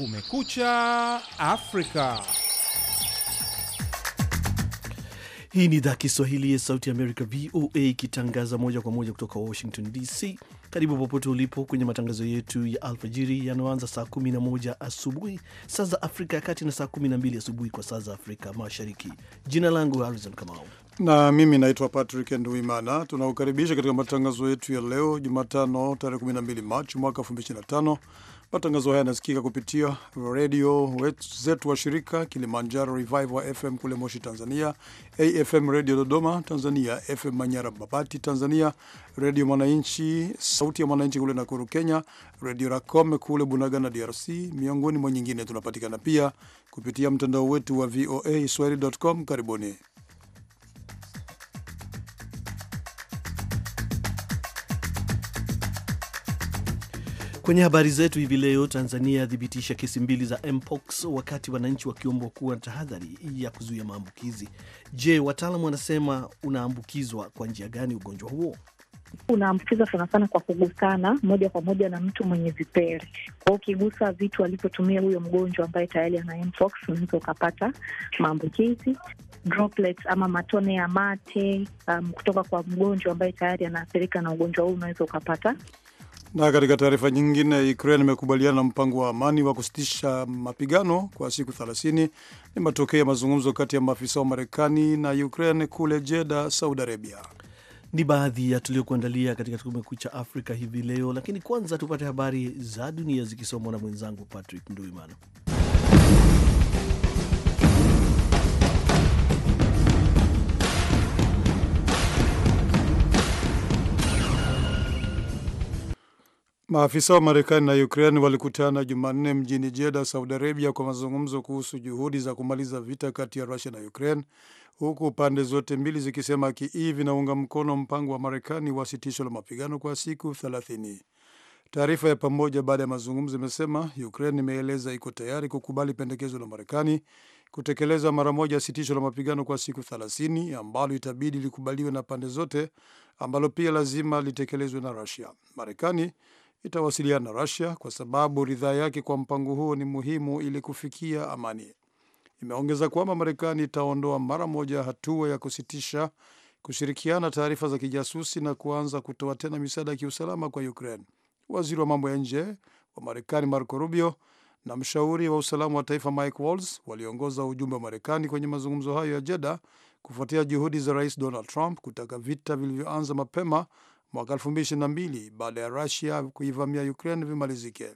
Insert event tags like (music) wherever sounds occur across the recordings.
Kumekucha Afrika. Hii ni idhaa Kiswahili ya Sauti ya Amerika, VOA, ikitangaza moja kwa moja kutoka Washington DC. Karibu popote ulipo kwenye matangazo yetu ya alfajiri yanayoanza saa 11 asubuhi saa za Afrika ya Kati na saa 12 asubuhi kwa saa za Afrika Mashariki. Jina langu Harrison Kamau na mimi naitwa Patrick Nduimana. Tunakukaribisha katika matangazo yetu ya leo Jumatano, tarehe 12 Machi mwaka 2025 Matangazo haya yanasikika kupitia redio zetu wa shirika Kilimanjaro Revival FM kule Moshi, Tanzania, AFM redio Dodoma, Tanzania, FM Manyara Babati, Tanzania, redio Mwananchi, sauti ya mwananchi kule Nakuru, Kenya, redio racome kule Bunagana, DRC, miongoni mwa nyingine. Tunapatikana pia kupitia mtandao wetu wa VOA Swahili.com. Karibuni. Kwenye habari zetu hivi leo, Tanzania yathibitisha kesi mbili za mpox, wakati wananchi wakiombwa kuwa na tahadhari ya kuzuia maambukizi. Je, wataalamu wanasema unaambukizwa kwa njia gani ugonjwa huo? Unaambukiza sana sana kwa kugusana moja kwa moja na mtu mwenye vipele. Kwa ukigusa vitu alivyotumia huyo mgonjwa ambaye tayari ana mpox, unaweza ukapata maambukizi. Droplets ama matone ya mate um, kutoka kwa mgonjwa ambaye tayari anaathirika na ugonjwa huu, unaweza ukapata na katika taarifa nyingine, Ukraine imekubaliana na mpango wa amani wa kusitisha mapigano kwa siku 30. Ni matokeo ya mazungumzo kati ya maafisa wa Marekani na Ukraine kule jeda Saudi Arabia. Ni baadhi ya tuliokuandalia katika Kumekucha Afrika hivi leo, lakini kwanza tupate habari za dunia zikisomwa na mwenzangu Patrick Nduimana. Maafisa wa Marekani na Ukraine walikutana Jumanne mjini Jeddah, Saudi Arabia, kwa mazungumzo kuhusu juhudi za kumaliza vita kati ya russia na Ukraine, huku pande zote mbili zikisema Kiev inaunga mkono mpango wa Marekani wa sitisho la mapigano kwa siku 30. Taarifa ya pamoja baada ya mazungumzo imesema Ukraine imeeleza iko tayari kukubali pendekezo la Marekani kutekeleza mara moja sitisho la mapigano kwa siku 30 ambalo itabidi likubaliwe na pande zote, ambalo pia lazima litekelezwe na Rusia. Marekani itawasiliana na Russia kwa sababu ridhaa yake kwa mpango huo ni muhimu ili kufikia amani. Imeongeza kwamba Marekani itaondoa mara moja hatua ya kusitisha kushirikiana taarifa za kijasusi na kuanza kutoa tena misaada ya kiusalama kwa Ukraine. Waziri wa mambo ya nje wa Marekani Marco Rubio na mshauri wa usalama wa taifa Mike Waltz waliongoza ujumbe wa Marekani kwenye mazungumzo hayo ya Jeddah kufuatia juhudi za Rais Donald Trump kutaka vita vilivyoanza mapema mwaka 2022 baada ya Rusia kuivamia Ukraine vimalizike.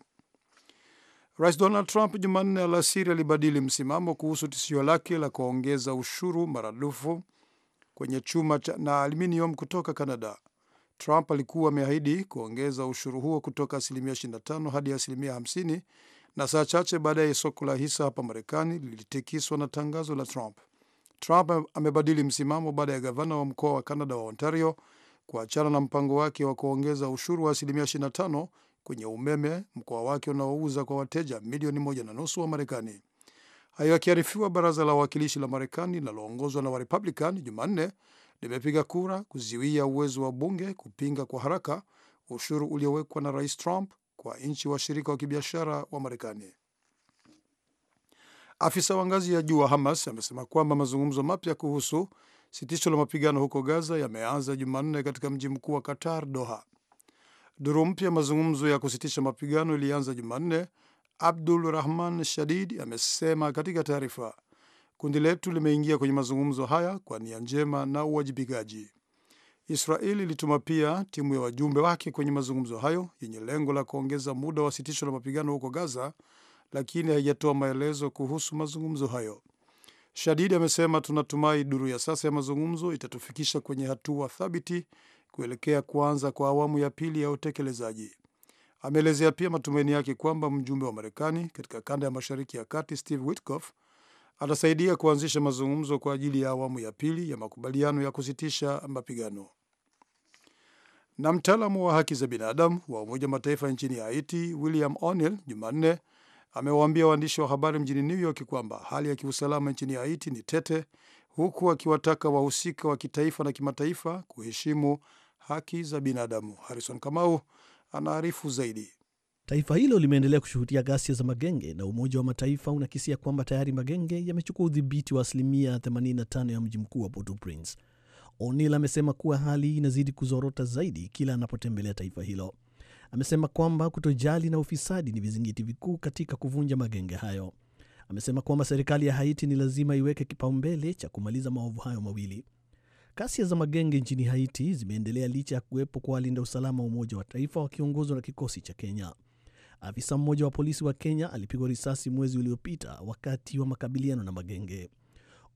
Rais Donald Trump Jumanne alasiri alibadili msimamo kuhusu tishio lake la kuongeza ushuru maradufu kwenye chuma na aluminium kutoka Canada. Trump alikuwa ameahidi kuongeza ushuru huo kutoka asilimia 25 hadi asilimia 50, na saa chache baadaye soko la hisa hapa Marekani lilitikiswa na tangazo la Trump. Trump amebadili msimamo baada ya gavana wa mkoa wa Canada wa Ontario kuachana na mpango wake wa kuongeza ushuru wa asilimia 25 kwenye umeme mkoa wake unaouza kwa wateja milioni moja na nusu wa Marekani. Hayo yakiarifiwa, baraza la wawakilishi la Marekani linaloongozwa na Warepublican Jumanne limepiga kura kuziwia uwezo wa bunge kupinga kwa haraka ushuru uliowekwa na Rais Trump kwa nchi washirika wa kibiashara wa Marekani. Afisa wa ngazi ya juu wa Hamas amesema kwamba mazungumzo mapya kuhusu Sitisho la mapigano huko Gaza yameanza Jumanne katika mji mkuu wa Qatar, Doha. Duru mpya mazungumzo ya kusitisha mapigano ilianza Jumanne, Abdul Rahman Shadid amesema katika taarifa, kundi letu limeingia kwenye mazungumzo haya kwa nia njema na uwajibikaji. Israeli ilituma pia timu ya wajumbe wake kwenye mazungumzo hayo yenye lengo la kuongeza muda wa sitisho la mapigano huko Gaza, lakini haijatoa maelezo kuhusu mazungumzo hayo. Shadidi amesema tunatumai duru ya sasa ya mazungumzo itatufikisha kwenye hatua thabiti kuelekea kuanza kwa awamu ya pili ya utekelezaji. Ameelezea pia matumaini yake kwamba mjumbe wa Marekani katika kanda ya Mashariki ya Kati Steve Witkoff atasaidia kuanzisha mazungumzo kwa ajili ya awamu ya pili ya makubaliano ya kusitisha mapigano. Na mtaalamu wa haki za binadamu wa Umoja Mataifa nchini Haiti William O'Neill Jumanne amewaambia waandishi wa habari mjini New York kwamba hali ya kiusalama nchini Haiti ni tete, huku akiwataka wahusika wa kitaifa na kimataifa kuheshimu haki za binadamu. Harrison Kamau anaarifu zaidi. Taifa hilo limeendelea kushuhudia ghasia za magenge na Umoja wa Mataifa unakisia kwamba tayari magenge yamechukua udhibiti wa asilimia 85 ya mji mkuu wa Port-au-Prince. O'Neill amesema kuwa hali inazidi kuzorota zaidi kila anapotembelea taifa hilo. Amesema kwamba kutojali na ufisadi ni vizingiti vikuu katika kuvunja magenge hayo. Amesema kwamba serikali ya Haiti ni lazima iweke kipaumbele cha kumaliza maovu hayo mawili. kasia za magenge nchini Haiti zimeendelea licha ya kuwepo kwa walinda usalama wa Umoja wa Taifa wakiongozwa na kikosi cha Kenya. Afisa mmoja wa polisi wa Kenya alipigwa risasi mwezi uliopita wakati wa makabiliano na magenge.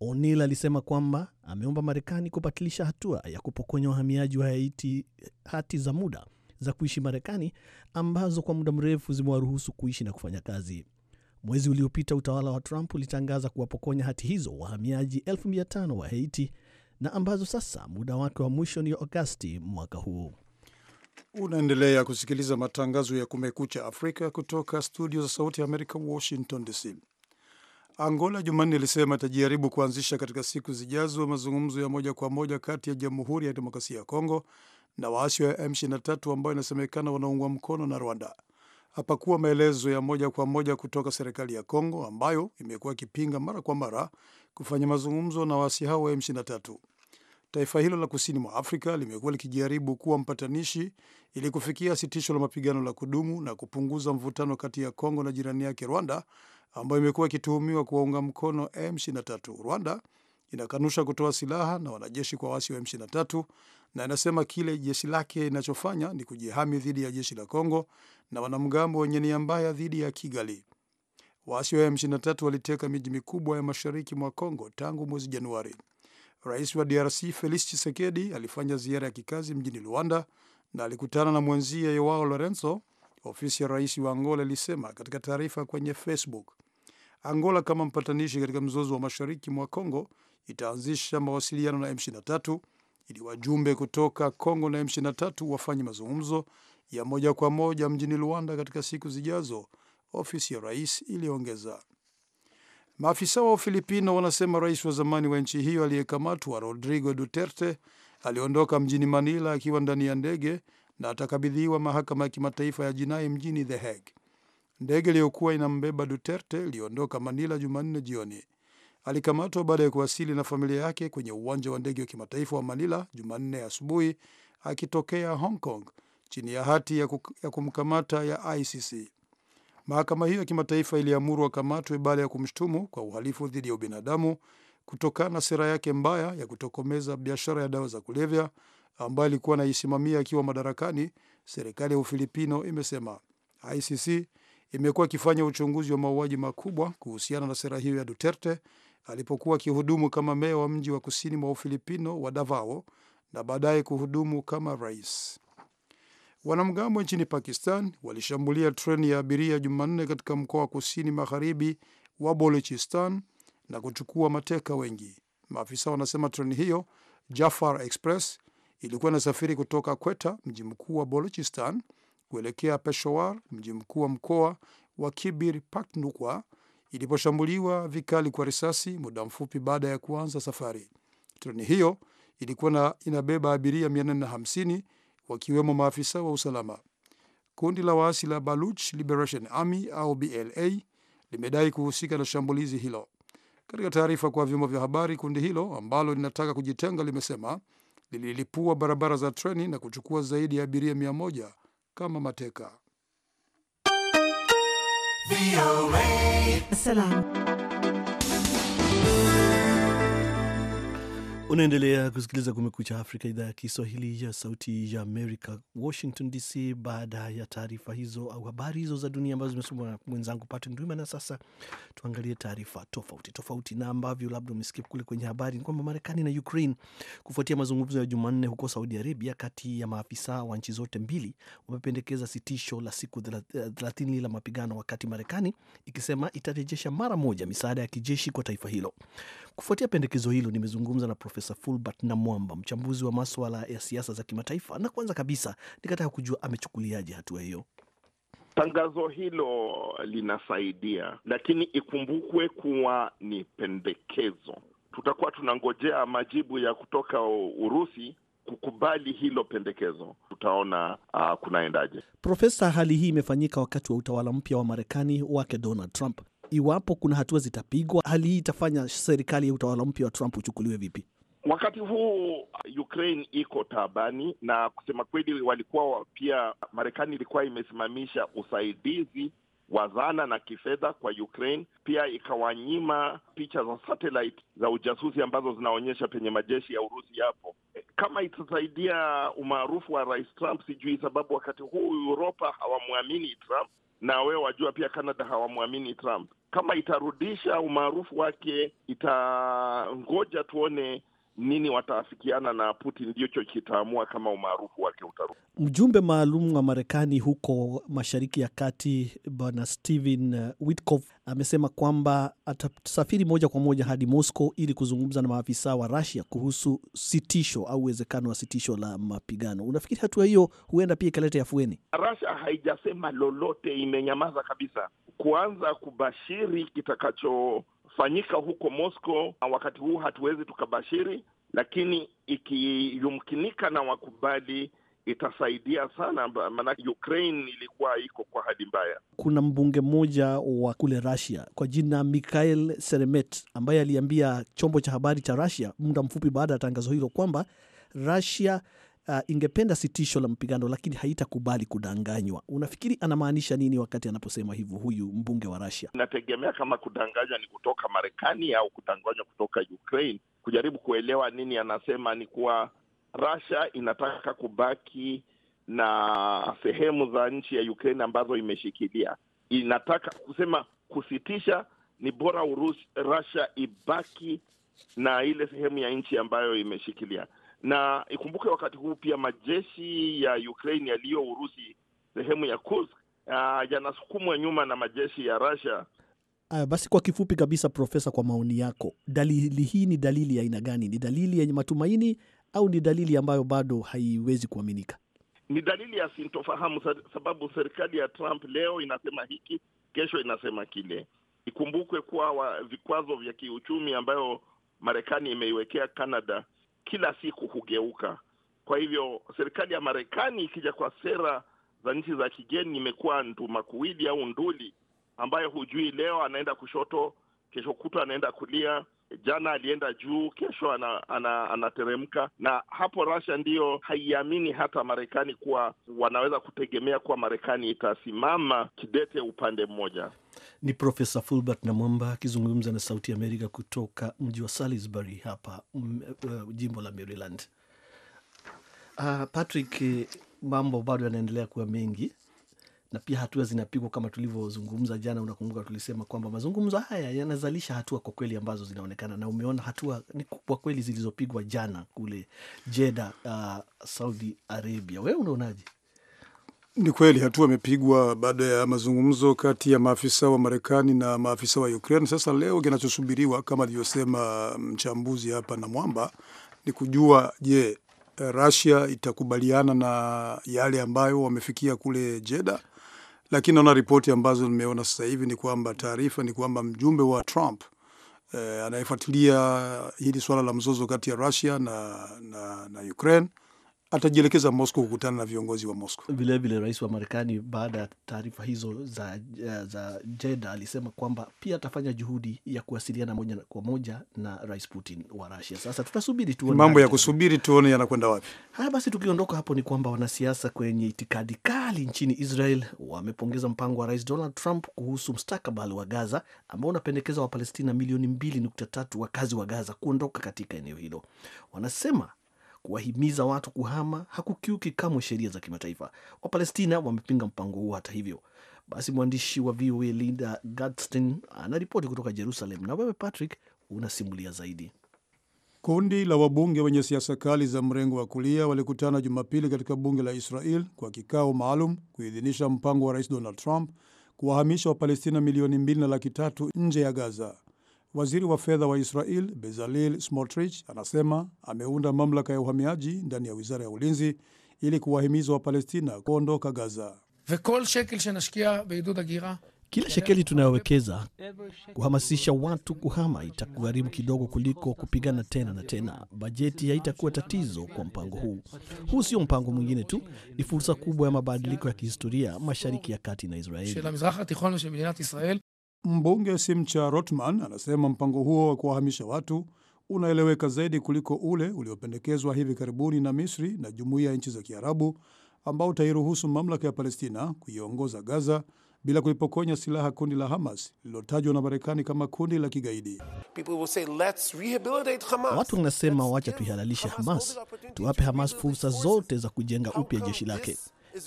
onil alisema kwamba ameomba Marekani kubatilisha hatua ya kupokonya wahamiaji wa Haiti hati za muda za kuishi Marekani ambazo kwa muda mrefu zimewaruhusu kuishi na kufanya kazi. Mwezi uliopita utawala wa Trump ulitangaza kuwapokonya hati hizo wahamiaji 5 wa Haiti na ambazo sasa muda wake wa mwisho ni Agosti mwaka huu. Unaendelea kusikiliza matangazo ya Kumekucha Afrika kutoka studio za Sauti ya Amerika, Washington DC. Angola Jumanne ilisema itajaribu kuanzisha katika siku zijazo mazungumzo ya moja kwa moja kati ya Jamhuri ya Demokrasia ya Kongo na waasi wa M23 ambao inasemekana wanaungwa mkono na Rwanda. Hapakuwa maelezo ya moja kwa moja kutoka serikali ya Kongo ambayo imekuwa ikipinga mara kwa mara kufanya mazungumzo na waasi hao wa M23. Taifa hilo la kusini mwa Afrika limekuwa likijaribu kuwa mpatanishi ili kufikia sitisho la mapigano la kudumu na kupunguza mvutano kati ya Kongo na jirani yake Rwanda ambayo imekuwa ikituhumiwa kuwaunga mkono M23. Rwanda inakanusha kutoa silaha na wanajeshi kwa waasi wa M23 na inasema kile jeshi lake inachofanya ni kujihami dhidi ya jeshi la Kongo na wanamgambo wenye nia mbaya dhidi ya Kigali. Waasi wa M23 waliteka miji mikubwa ya mashariki mwa Kongo tangu mwezi Januari. Rais wa DRC Felix Tshisekedi alifanya ziara ya kikazi mjini Luanda na alikutana na mwenzie Joao Lorenzo, ofisi ya rais wa Angola ilisema katika taarifa kwenye Facebook. Angola kama mpatanishi katika mzozo wa mashariki mwa Congo itaanzisha mawasiliano na M23 ili wajumbe kutoka Kongo na M23 wafanye mazungumzo ya moja kwa moja mjini Luanda katika siku zijazo, ofisi ya rais iliongeza. Maafisa wa Ufilipino wanasema rais wa zamani wa nchi hiyo aliyekamatwa Rodrigo Duterte aliondoka mjini Manila akiwa ndani ya ndege na atakabidhiwa mahakama ya kimataifa ya jinai mjini The Hague. Ndege iliyokuwa inambeba Duterte iliondoka Manila Jumanne jioni alikamatwa baada ya kuwasili na familia yake kwenye uwanja wa ndege wa kimataifa wa Manila Jumanne asubuhi akitokea Hong Kong chini ya hati ya, ya kumkamata ya ICC. Mahakama hiyo ya kimataifa iliamuru akamatwe baada ya kumshutumu kwa uhalifu dhidi ya ubinadamu kutokana na sera yake mbaya ya kutokomeza biashara ya dawa za kulevya ambayo alikuwa anaisimamia akiwa madarakani, serikali ya Ufilipino imesema. ICC imekuwa ikifanya uchunguzi wa mauaji makubwa kuhusiana na sera hiyo ya Duterte alipokuwa akihudumu kama meya wa mji wa kusini mwa Ufilipino wa Davao na baadaye kuhudumu kama rais. Wanamgambo nchini Pakistan walishambulia treni ya abiria Jumanne katika mkoa wa kusini magharibi wa bolochistan na kuchukua mateka wengi. Maafisa wanasema treni hiyo Jafar Express ilikuwa inasafiri kutoka Kweta, mji mkuu wa Balochistan, kuelekea Peshawar, mji mkuu wa mkoa wa kibir paknukwa iliposhambuliwa vikali kwa risasi muda mfupi baada ya kuanza safari. Treni hiyo ilikuwa na inabeba abiria 450 wakiwemo maafisa wa usalama. Kundi la waasi la Baluch Liberation Army au BLA limedai kuhusika na shambulizi hilo. Katika taarifa kwa vyombo vya habari, kundi hilo ambalo linataka kujitenga limesema lililipua barabara za treni na kuchukua zaidi ya abiria 100 kama mateka. VOA. Assalam. Unaendelea kusikiliza Kumekucha Afrika, idhaa ya Kiswahili ya Sauti ya Amerika, Washington DC. Baada ya taarifa hizo au habari hizo za dunia ambazo zimesomwa na mwenzangu Patrick Ndwima, na sasa tuangalie taarifa tofauti tofauti, na ambavyo labda umesikia kule kwenye habari ni kwamba Marekani na Ukraine, kufuatia mazungumzo ya Jumanne huko Saudi Arabia, kati ya maafisa wa nchi zote mbili, wamependekeza sitisho la siku eh, thelathini la mapigano, wakati Marekani ikisema itarejesha mara moja misaada ya kijeshi kwa taifa hilo. Kufuatia pendekezo hilo, nimezungumza na Profesa Fulbert na mwamba mchambuzi wa maswala ya siasa za kimataifa, na kwanza kabisa nikataka kujua amechukuliaje hatua hiyo. Tangazo hilo linasaidia, lakini ikumbukwe kuwa ni pendekezo. Tutakuwa tunangojea majibu ya kutoka Urusi kukubali hilo pendekezo, tutaona uh, kunaendaje. Profesa, hali hii imefanyika wakati wa utawala mpya wa Marekani wake Donald Trump iwapo kuna hatua zitapigwa, hali hii itafanya serikali ya utawala mpya wa Trump uchukuliwe vipi? Wakati huu uh, Ukraine iko taabani, na kusema kweli, walikuwa pia, Marekani ilikuwa imesimamisha usaidizi wa zana na kifedha kwa Ukraine, pia ikawanyima picha za satellite za ujasusi ambazo zinaonyesha penye majeshi ya Urusi yapo. Eh, kama itasaidia umaarufu wa Rais Trump sijui, sababu wakati huu Uropa hawamwamini Trump na we wajua pia Canada hawamwamini Trump. Kama itarudisha umaarufu wake, itangoja tuone nini wataafikiana na Putin ndicho kitaamua kama umaarufu wake utarudi. Mjumbe maalum wa Marekani huko Mashariki ya Kati, Bwana Stephen Witkoff amesema kwamba atasafiri moja kwa moja hadi Moscow ili kuzungumza na maafisa wa Russia kuhusu sitisho au uwezekano wa sitisho la mapigano. Unafikiri hatua hiyo huenda pia ikaleta afueni? Russia haijasema lolote, imenyamaza kabisa, kuanza kubashiri kitakacho kufanyika huko Moscow wakati huu hatuwezi tukabashiri, lakini ikiyumkinika na wakubali itasaidia sana, maanake Ukraine ilikuwa iko kwa hali mbaya. Kuna mbunge mmoja wa kule Russia kwa jina Mikhail Seremet ambaye aliambia chombo cha habari cha Russia muda mfupi baada ya tangazo hilo kwamba Russia uh, ingependa sitisho la mpigano, lakini haitakubali kudanganywa. Unafikiri anamaanisha nini wakati anaposema hivyo huyu mbunge wa rasia Inategemea kama kudanganywa ni kutoka Marekani au kudanganywa kutoka Ukraine. Kujaribu kuelewa nini anasema ni kuwa rasia inataka kubaki na sehemu za nchi ya Ukraine ambazo imeshikilia. Inataka kusema kusitisha ni bora Urusi, Russia ibaki na ile sehemu ya nchi ambayo imeshikilia na ikumbuke wakati huu pia majeshi ya Ukraine yaliyo Urusi sehemu ya Kursk uh, yanasukumwa nyuma na majeshi ya rasia Aya, basi kwa kifupi kabisa, Profesa, kwa maoni yako, dalili hii ni dalili ya aina gani? Ni dalili yenye matumaini au ni dalili ambayo bado haiwezi kuaminika? Ni dalili ya sintofahamu, sababu serikali ya Trump leo inasema hiki, kesho inasema kile. Ikumbukwe kuwa vikwazo vya kiuchumi ambayo Marekani imeiwekea Canada kila siku hugeuka. Kwa hivyo serikali ya Marekani ikija kwa sera za nchi za kigeni, imekuwa ndumakuwili au nduli ambayo hujui, leo anaenda kushoto, kesho kutwa anaenda kulia. Jana alienda juu, kesho anateremka, ana, ana na hapo rasia ndiyo haiamini hata Marekani kuwa wanaweza kutegemea kuwa Marekani itasimama kidete upande mmoja. Ni Profesa Fulbert Namwamba akizungumza na Sauti Amerika kutoka mji wa Salisbury hapa mm, uh, jimbo la Maryland. Uh, Patrick, mambo bado yanaendelea kuwa mengi na pia hatua zinapigwa kama tulivyozungumza jana. Unakumbuka tulisema kwamba mazungumzo haya yanazalisha hatua kwa kweli ambazo zinaonekana, na umeona hatua ni kubwa kweli zilizopigwa jana kule Jeda, uh, Saudi Arabia. Wewe unaonaje? Ni kweli hatua imepigwa baada ya mazungumzo kati ya maafisa wa Marekani na maafisa wa Ukraine. Sasa leo kinachosubiriwa kama alivyosema mchambuzi hapa na Mwamba ni kujua je, Russia itakubaliana na yale ambayo wamefikia kule Jeddah lakini naona ripoti ambazo nimeona sasa hivi ni kwamba taarifa ni kwamba mjumbe wa Trump eh, anayefuatilia hili suala la mzozo kati ya Russia na, na, na Ukraine atajielekeza Moscow kukutana na viongozi wa Moscow. Vilevile rais wa Marekani baada ya taarifa hizo za, za Jeda alisema kwamba pia atafanya juhudi ya kuwasiliana moja kwa moja na rais Putin wa Russia. Sasa tutasubiri tuone mambo ya kusubiri tuone yanakwenda wapi. Haya basi, tukiondoka hapo ni kwamba wanasiasa kwenye itikadi kali nchini Israel wamepongeza mpango wa rais Donald Trump kuhusu mstakabali wa Gaza ambao unapendekeza Wapalestina milioni 23 wakazi wa Gaza kuondoka katika eneo hilo. Wanasema kuwahimiza watu kuhama hakukiuki kamwe sheria za kimataifa. Wapalestina wamepinga mpango huo. Hata hivyo basi, mwandishi wa VOA Linda Gadstin anaripoti kutoka Jerusalem na wewe Patrick unasimulia zaidi. Kundi la wabunge wenye siasa kali za mrengo wa kulia walikutana Jumapili katika bunge la Israel kwa kikao maalum kuidhinisha mpango wa rais Donald Trump kuwahamisha Wapalestina milioni mbili na laki tatu nje ya Gaza. Waziri wa fedha wa Israel Bezalel Smotrich anasema ameunda mamlaka ya uhamiaji ndani ya wizara ya ulinzi ili kuwahimiza Wapalestina kuondoka Gaza. Kila shekeli tunayowekeza kuhamasisha watu kuhama itakugharimu kidogo kuliko kupigana tena na tena. Bajeti haitakuwa tatizo kwa mpango huu. Huu sio mpango mwingine tu, ni fursa kubwa ya mabadiliko ya kihistoria Mashariki ya Kati na Israeli. Mbunge Simcha Rotman anasema mpango huo wa kuwahamisha watu unaeleweka zaidi kuliko ule uliopendekezwa hivi karibuni na Misri na jumuiya ya nchi za Kiarabu ambao utairuhusu mamlaka ya Palestina kuiongoza Gaza bila kulipokonya silaha kundi la Hamas lililotajwa na Marekani kama kundi la kigaidi. Watu wanasema wacha tuihalalishe Hamas, tuwape Hamas fursa zote za kujenga upya jeshi lake.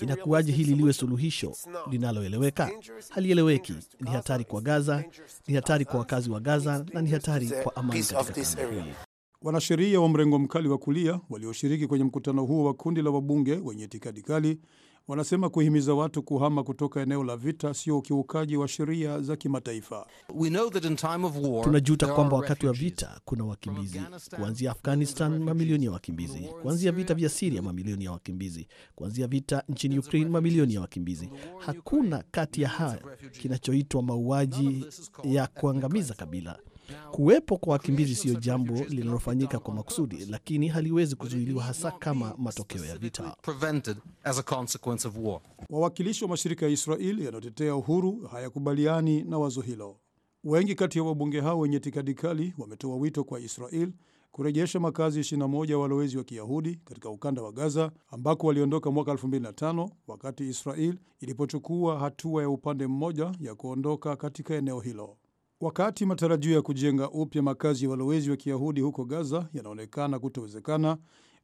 Inakuwaje hili liwe suluhisho linaloeleweka? Halieleweki. Ni hatari kwa Gaza, ni hatari kwa wakazi wa Gaza na ni hatari kwa amani Wanasheria wa mrengo mkali wa kulia walioshiriki kwenye mkutano huo wa kundi la wabunge wenye itikadi kali wanasema kuhimiza watu kuhama kutoka eneo la vita sio ukiukaji wa sheria za kimataifa. Tunajuta kwamba wakati wa vita kuna wakimbizi, kuanzia Afghanistan mamilioni ya wakimbizi, kuanzia vita vya Siria mamilioni ya wakimbizi, kuanzia vita nchini Ukraine mamilioni ya wakimbizi. Hakuna kati ya haya kinachoitwa mauaji ya kuangamiza kabila Kuwepo kwa wakimbizi siyo jambo linalofanyika kwa makusudi, lakini haliwezi kuzuiliwa, hasa kama matokeo ya vita. Wawakilishi wa mashirika ya israel yanayotetea uhuru hayakubaliani na wazo hilo. Wengi kati ya wabunge hao wenye itikadi kali wametoa wito kwa Israel kurejesha makazi 21 ya walowezi wa Kiyahudi katika ukanda wa Gaza ambako waliondoka mwaka 25 wakati Israel ilipochukua hatua ya upande mmoja ya kuondoka katika eneo hilo. Wakati matarajio ya kujenga upya makazi ya walowezi wa Kiyahudi huko Gaza yanaonekana kutowezekana,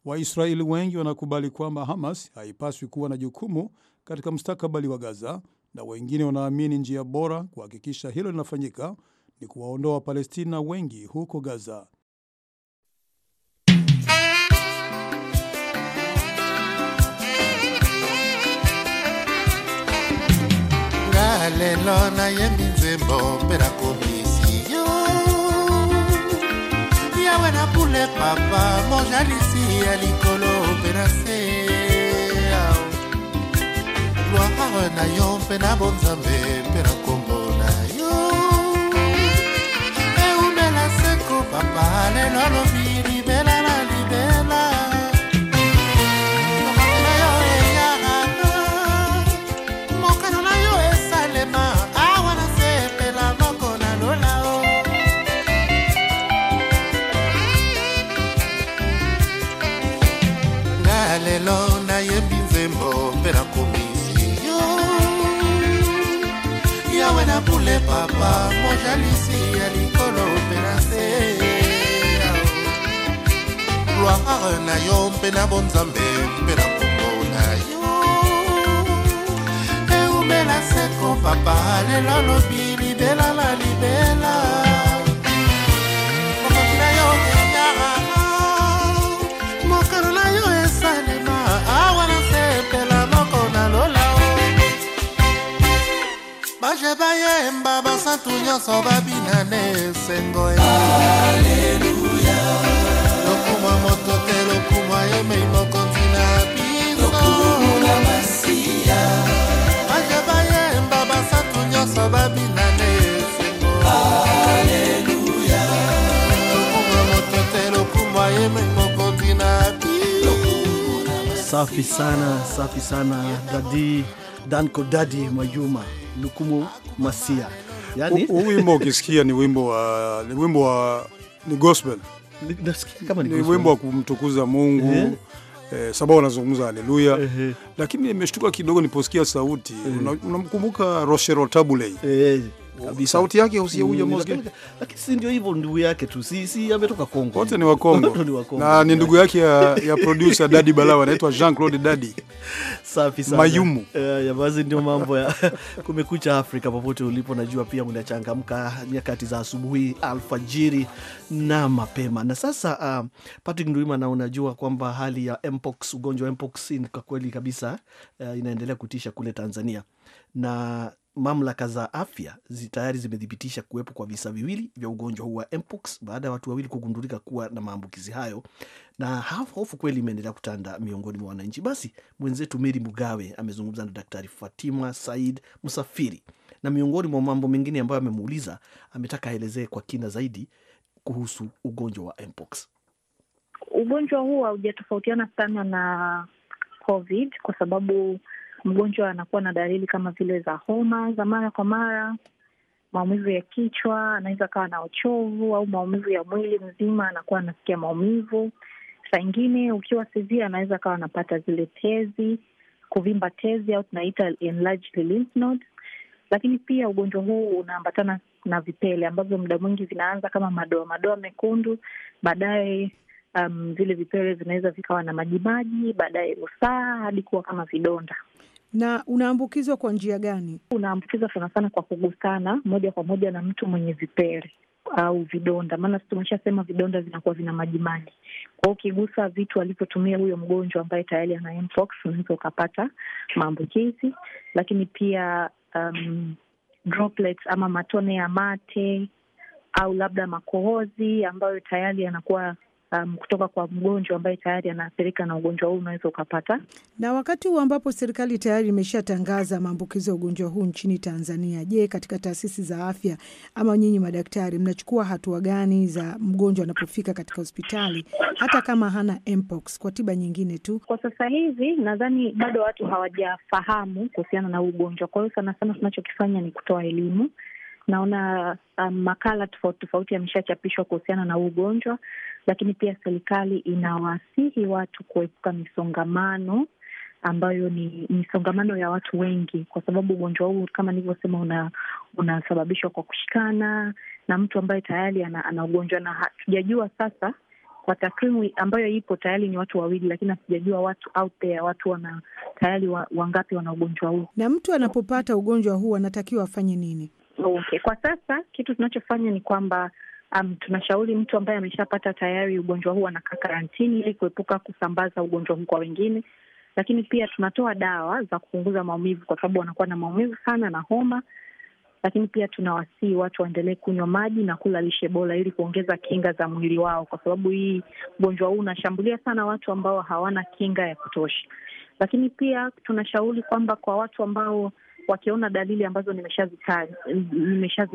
Waisraeli wengi wanakubali kwamba Hamas haipaswi kuwa na jukumu katika mustakabali wa Gaza, na wengine wanaamini njia bora kuhakikisha hilo linafanyika ni kuwaondoa Wapalestina wengi huko Gaza. na lelo nayembi nzembo mpe nakomisi yo yawe na pule papa mojalisi ya likolo mpe na se loire na yo mpe na bonzambe mpe na nkombo na yo eumela seko papa lelo alobi bule papa mojalisi ya likolo mpe na se gloire na yo mpe na bonzambe mpe na kombo na yo eumela seko papa lelo lobi libela na libela kolemba basantu nyonso babina na esengo aleluya lokumwa moto te lokumwa yemei mokonzi na biso baje bayemba basantu nyonso babina na esengo aleluya lokumwa moto te lokumwa yemei mokonzi na biso safi sana safi sana dadi danko dadi mayuma lukumo Masia. Yani huu wimbo ukisikia ni wimbo wa ni wimbo wa ni gospel. Nasikia kama ni Ni wimbo wa kumtukuza Mungu. Eh, sababu anazungumza haleluya. Uh -huh. Lakini nimeshtuka kidogo niposikia sauti. Uh -huh. Unamkumbuka una Rochelle Uh -huh ni Sauti yake husia huyo mmoja, lakini si ndio hivyo, ndugu yake tu, si si ametoka Kongo, wote ni wa Kongo (laughs) na ni ndugu yake ya, ya producer Daddy Balawa anaitwa Jean Claude Daddy. (laughs) Safi sana Mayumu. Uh, ya basi ndio mambo ya (laughs) kumekucha Afrika popote ulipo, najua pia unachangamka nyakati za asubuhi, alfajiri na mapema. Na sasa uh, Patrick Nduima, na unajua kwamba hali ya mpox, ugonjwa wa mpox kwa kweli kabisa uh, inaendelea kutisha kule Tanzania na mamlaka za afya tayari zimethibitisha kuwepo kwa visa viwili vya ugonjwa huu wa mpox baada ya watu wawili kugundulika kuwa na maambukizi hayo, na hofu kweli imeendelea kutanda miongoni mwa wananchi. Basi mwenzetu miri Mugawe amezungumza na Daktari Fatima Said Musafiri, na miongoni mwa mambo mengine ambayo amemuuliza, ametaka aelezee kwa kina zaidi kuhusu ugonjwa wa mpox. Ugonjwa huu haujatofautiana sana na COVID kwa sababu mgonjwa anakuwa na dalili kama vile za homa za mara kwa mara, maumivu ya kichwa, anaweza akawa na uchovu au maumivu ya mwili mzima, anakuwa anasikia maumivu. Saa ingine ukiwa severe, anaweza akawa anapata zile tezi, kuvimba tezi au tunaita enlarged lymph nodes. Lakini pia ugonjwa huu unaambatana na vipele ambavyo muda mwingi vinaanza kama madoa madoa mekundu, baadaye um, vile vipele vinaweza vikawa na majimaji, baadaye usaha hadi kuwa kama vidonda na unaambukizwa kwa njia gani? Unaambukizwa sana sana kwa kugusana moja kwa moja na mtu mwenye vipele au vidonda, maana si tumeshasema vidonda vinakuwa vina majimaji. Kwa hiyo ukigusa vitu alivyotumia huyo mgonjwa ambaye tayari ana mpox, unaweza ukapata maambukizi. Lakini pia um, droplets ama matone ya mate au labda makohozi ambayo tayari yanakuwa um, kutoka kwa mgonjwa ambaye tayari anaathirika na ugonjwa huu unaweza ukapata. Na wakati huu ambapo serikali tayari imeshatangaza maambukizo ya ugonjwa huu nchini Tanzania, je, katika taasisi za afya ama nyinyi madaktari mnachukua hatua gani za mgonjwa anapofika katika hospitali hata kama hana mpox, kwa tiba nyingine tu? Kwa sasa hivi nadhani bado watu hawajafahamu kuhusiana na ugonjwa, kwa hiyo sana sana tunachokifanya ni kutoa elimu Naona um, makala tofauti tofauti yameshachapishwa kuhusiana na ugonjwa, lakini pia serikali inawasihi watu kuepuka misongamano ambayo ni misongamano ya watu wengi, kwa sababu ugonjwa huu kama nilivyosema, una unasababishwa kwa kushikana na mtu ambaye tayari ana, ana ugonjwa na hatujajua sasa kwa takwimu ambayo ipo tayari ni watu wawili, lakini hatujajua watu out there, watu wana tayari wa, wangapi wana ugonjwa huu. Na mtu anapopata ugonjwa huu anatakiwa afanye nini? Okay, kwa sasa kitu tunachofanya ni kwamba Um, tunashauri mtu ambaye ameshapata tayari ugonjwa huu anakaa karantini ili kuepuka kusambaza ugonjwa huu kwa wengine, lakini pia tunatoa dawa za kupunguza maumivu kwa sababu wanakuwa na maumivu sana na homa, lakini pia tunawasii watu waendelee kunywa maji na kula lishe bora ili kuongeza kinga za mwili wao, kwa sababu hii ugonjwa huu unashambulia sana watu ambao hawana kinga ya kutosha. Lakini pia tunashauri kwamba kwa watu ambao wakiona dalili ambazo nimeshazitaja nimesha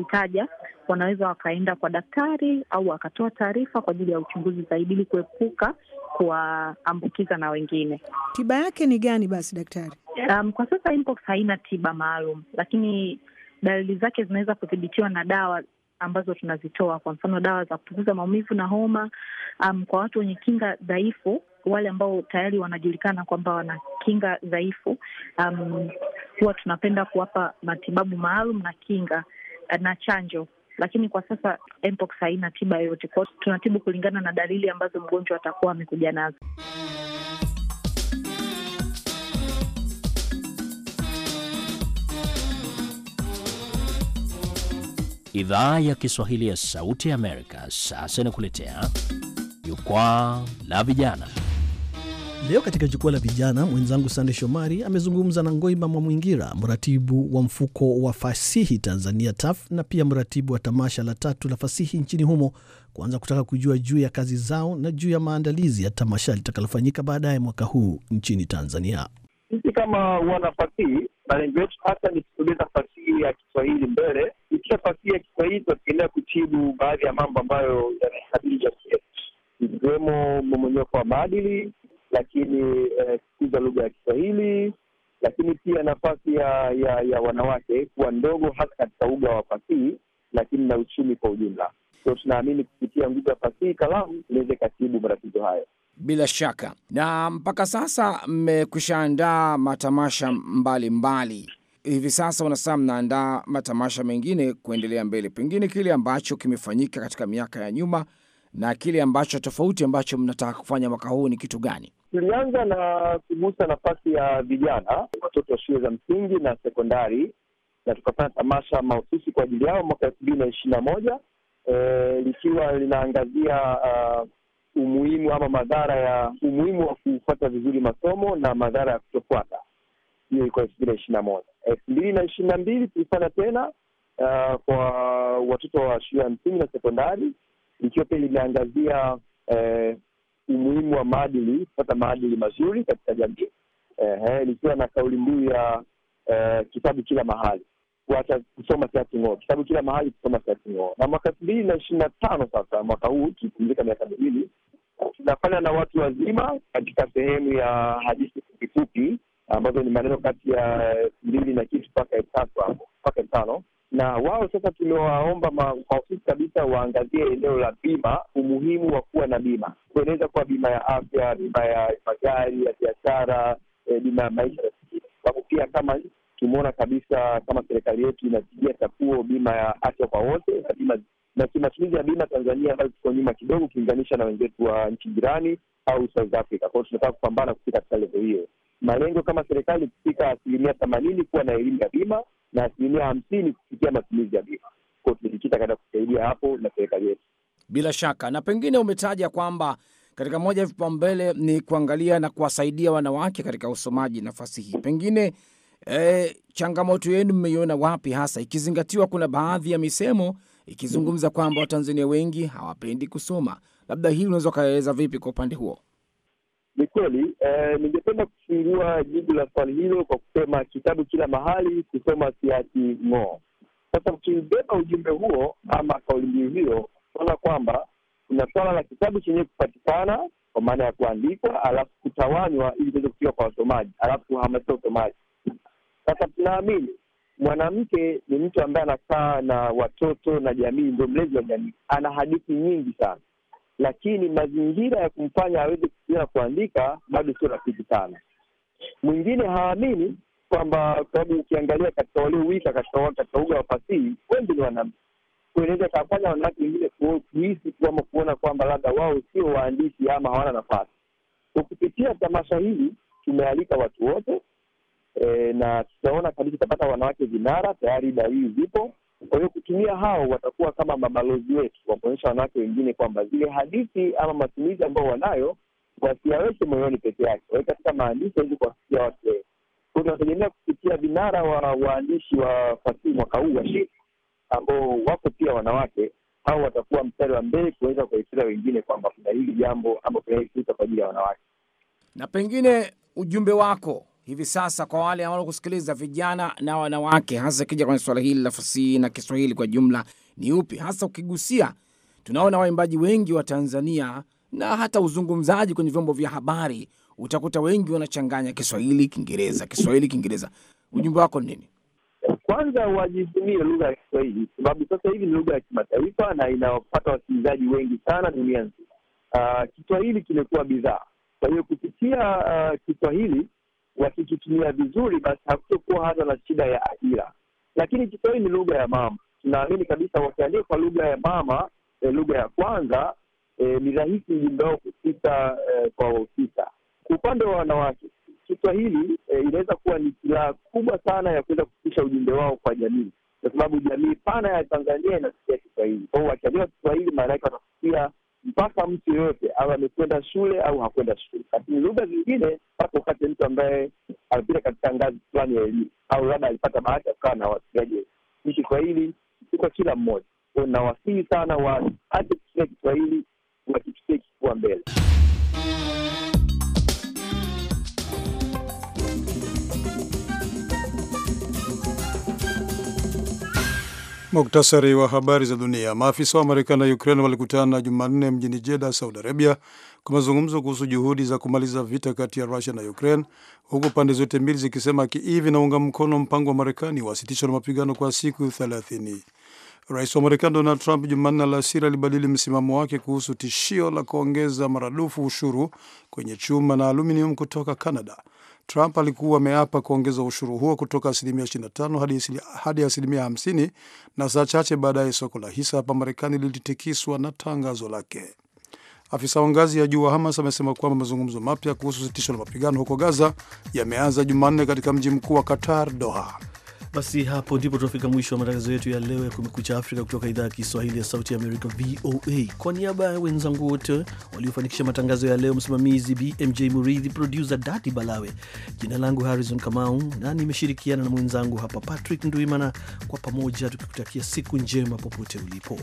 wanaweza wakaenda kwa daktari au wakatoa taarifa kwa ajili ya uchunguzi zaidi, ili kuepuka kuwaambukiza na wengine. Tiba yake ni gani basi daktari? Um, kwa sasa mpox haina tiba maalum, lakini dalili zake zinaweza kudhibitiwa na dawa ambazo tunazitoa, kwa mfano dawa za kupunguza maumivu na homa. Um, kwa watu wenye kinga dhaifu wale ambao tayari wanajulikana kwamba wana kinga dhaifu, um, huwa tunapenda kuwapa matibabu maalum na kinga eh, na chanjo lakini kwa sasa mpox haina tiba yoyote, kwao tunatibu kulingana na dalili ambazo mgonjwa atakuwa amekuja nazo. Idhaa ya Kiswahili ya Sauti ya Amerika sasa inakuletea jukwaa la vijana. Leo katika jukwaa la vijana, mwenzangu Sande Shomari amezungumza na Ngoima Mwamwingira, mratibu wa mfuko wa fasihi Tanzania TAF na pia mratibu wa tamasha la tatu la fasihi nchini humo, kuanza kutaka kujua juu ya kazi zao na juu ya maandalizi ya tamasha litakalofanyika baadaye mwaka huu nchini Tanzania. Sisi kama wanafasihi, malengo yetu hasa ni kusogeza fasihi ya Kiswahili mbele. Ikisha fasihi ya Kiswahili tutaendelea kutibu baadhi ya mambo ambayo yanahadili jamii yetu, ikiwemo mmomonyoko wa maadili lakini eh, kukuza lugha ya Kiswahili, lakini pia nafasi ya ya, ya wanawake kuwa ndogo hasa katika uga wa fasihi, lakini na uchumi kwa ujumla. So tunaamini kupitia nguvu ya fasihi kalamu inaweza ikatibu matatizo hayo. Bila shaka. Na mpaka sasa mmekushaandaa matamasha mbalimbali mbali. Hivi sasa unasema mnaandaa matamasha mengine kuendelea mbele, pengine kile ambacho kimefanyika katika miaka ya nyuma na kile ambacho tofauti ambacho mnataka kufanya mwaka huu ni kitu gani? Tulianza na kugusa nafasi ya vijana, watoto wa shule za msingi na sekondari, na tukafanya tamasha mahususi kwa ajili yao mwaka elfu mbili na ishirini na moja e, likiwa linaangazia uh, umuhimu ama madhara ya umuhimu wa kufuata vizuri masomo na madhara ya kutofuata. Hiyo ilikuwa elfu mbili na ishirini na moja. Elfu mbili na ishirini na mbili tulifanya tena uh, kwa watoto wa shule ya msingi na sekondari Ethiopia limeangazia eh, umuhimu wa maadili, kupata maadili mazuri katika jamii eh, likiwa na kauli mbiu ya eh, kitabu kila mahali, kuacha kusoma si kitabu kila mahali, kusoma si Na mwaka elfu mbili na ishirini na tano sasa, mwaka huu ikipumzika miaka miwili, tunafanya na watu wazima katika sehemu ya hadithi fupifupi ambazo ni maneno kati ya elfu eh, mbili na kitu mpaka elfu tatu hapo mpaka elfu tano na wao sasa tumewaomba maofisi kabisa waangazie eneo la bima, umuhimu wa kuwa na bima, kueneza kuwa bima ya afya, bima ya magari, ya biashara, e, bima ya maisha na zingine, sababu pia kama tumeona kabisa kama serikali yetu inapigia chakuo bima ya afya kwa wote na bima na kimatumizi ya bima Tanzania ambayo tuko nyuma kidogo ukilinganisha na wenzetu wa nchi jirani au South Africa. Kwa hiyo tunataka kupambana kufika katika levo hiyo, malengo kama serikali kufika asilimia themanini kuwa na elimu ya bima na asilimia hamsini kufikia matumizi ya bima. Kwao tumejikita katika kusaidia hapo na serikali yetu. Bila shaka, na pengine umetaja kwamba katika moja ya vipaumbele ni kuangalia na kuwasaidia wanawake katika usomaji nafasi hii, pengine e, changamoto yenu mmeiona wapi hasa, ikizingatiwa kuna baadhi ya misemo ikizungumza kwamba Watanzania wengi hawapendi kusoma? Labda hii unaweza ukaeleza vipi kwa upande huo? Ni kweli eh, ningependa kufungua jibu la swali hilo kwa kusema kitabu kila mahali kusoma siati hati ng'oo. Sasa ukibeba ujumbe huo ama kauli mbiu hiyo, kuona kwamba kuna swala la kitabu chenyewe kupatikana kwa maana ya kuandikwa, alafu kutawanywa ili iweze kufika kwa wasomaji, alafu kuhamasisha usomaji. Sasa tunaamini mwanamke ni mtu ambaye anakaa na watoto na jamii, ndio mlezi wa jamii, ana hadithi nyingi sana lakini mazingira ya kumfanya aweze kuia kuandika bado sio rafiki sana. Mwingine haamini kwamba, kwa sababu ukiangalia katika waliowika katika uga wa fasihi wengi ni wanamke, kueleza kafanya wanawake wengine kuhisi ama kuona kwamba labda wao sio waandishi ama hawana nafasi. Kwa kupitia tamasha hili tumealika watu wote e, na tutaona kabisa tutapata wanawake vinara, tayari dalili zipo kwa hiyo kutumia hao watakuwa kama mabalozi wetu wa kuonyesha wanawake wengine kwamba zile hadithi ama matumizi ambao wanayo wasiaweke moyoni peke yake, wawe katika maandishi ili kuwafikia watu wengi. Kwa hiyo tunategemea kupitia vinara wa waandishi wa fasihi mwaka huu wa ambao wako pia wanawake hao watakuwa mstari wa mbele kuweza kuwaelezea wengine kwamba kuna hili jambo ama kuna hili fursa kwa ajili ya wanawake. Na pengine ujumbe wako hivi sasa kwa wale ambao kusikiliza vijana na wanawake, hasa ikija kwenye swala hili la fasihi na Kiswahili kwa jumla, ni upi hasa ukigusia? Tunaona waimbaji wengi wa Tanzania na hata uzungumzaji kwenye vyombo vya habari, utakuta wengi wanachanganya Kiswahili Kiingereza, Kiswahili Kiingereza. Ujumbe wako ni nini? Kwanza wajivunie lugha ya Kiswahili sababu sasa hivi ni lugha ya kimataifa na inawapata wasikilizaji wengi sana dunia nzima. Uh, Kiswahili kimekuwa bidhaa. Kwa hiyo kupitia uh, Kiswahili wakikitumia vizuri, basi hakutokuwa hata na shida ya ajira. Lakini Kiswahili ni lugha ya mama, tunaamini kabisa wakiandika kwa lugha ya mama, e, lugha ya kwanza, e, ni rahisi ujumbe wao kufika e, kwa wahusika. Kwa upande wa wanawake, Kiswahili e, inaweza kuwa ni silaha kubwa sana ya kuweza kufikisha ujumbe wao kwa jamii, kwa sababu jamii pana ya Tanzania inasikia Kiswahili. Kwa hiyo wakiandika Kiswahili, maana yake watasikia mpaka mtu yeyote awe amekwenda shule au hakwenda shule. Lakini lugha zingine mpaka upate mtu ambaye amepita katika ngazi fulani ya elimu au labda alipata bahati akawa na wasikiliaji. Ni Kiswahili si kwa kila mmoja, nawasihi sana watu hata kusikia Kiswahili wakipitia kifua mbele. Muktasari wa habari za dunia. Maafisa wa Marekani na Ukraine walikutana Jumanne mjini Jeddah, Saudi Arabia, kwa mazungumzo kuhusu juhudi za kumaliza vita kati ya russia na Ukraine, huku pande zote mbili zikisema Kiev naunga mkono mpango wa Marekani wa sitisho la mapigano kwa siku 30. Rais wa Marekani Donald Trump Jumanne alasiri alibadili msimamo wake kuhusu tishio la kuongeza maradufu ushuru kwenye chuma na aluminium kutoka Canada Trump alikuwa ameapa kuongeza ushuru huo kutoka asilimia 25 hadi asilimia 50, na saa chache baadaye soko la hisa hapa Marekani lilitikiswa na tangazo lake. Afisa wa ngazi ya juu wa Hamas amesema kwamba mazungumzo mapya kuhusu sitisho la mapigano huko Gaza yameanza Jumanne katika mji mkuu wa Qatar, Doha. Basi hapo ndipo tunafika mwisho wa matangazo yetu ya leo ya Kumekucha Afrika kutoka idhaa ya Kiswahili ya Sauti ya Amerika, VOA. Kwa niaba ya wenzangu wote waliofanikisha matangazo ya leo, msimamizi BMJ Muridhi, produsa Dadi Balawe, jina langu Harrison Kamau na nimeshirikiana na mwenzangu hapa Patrick Nduimana, kwa pamoja tukikutakia siku njema popote ulipo.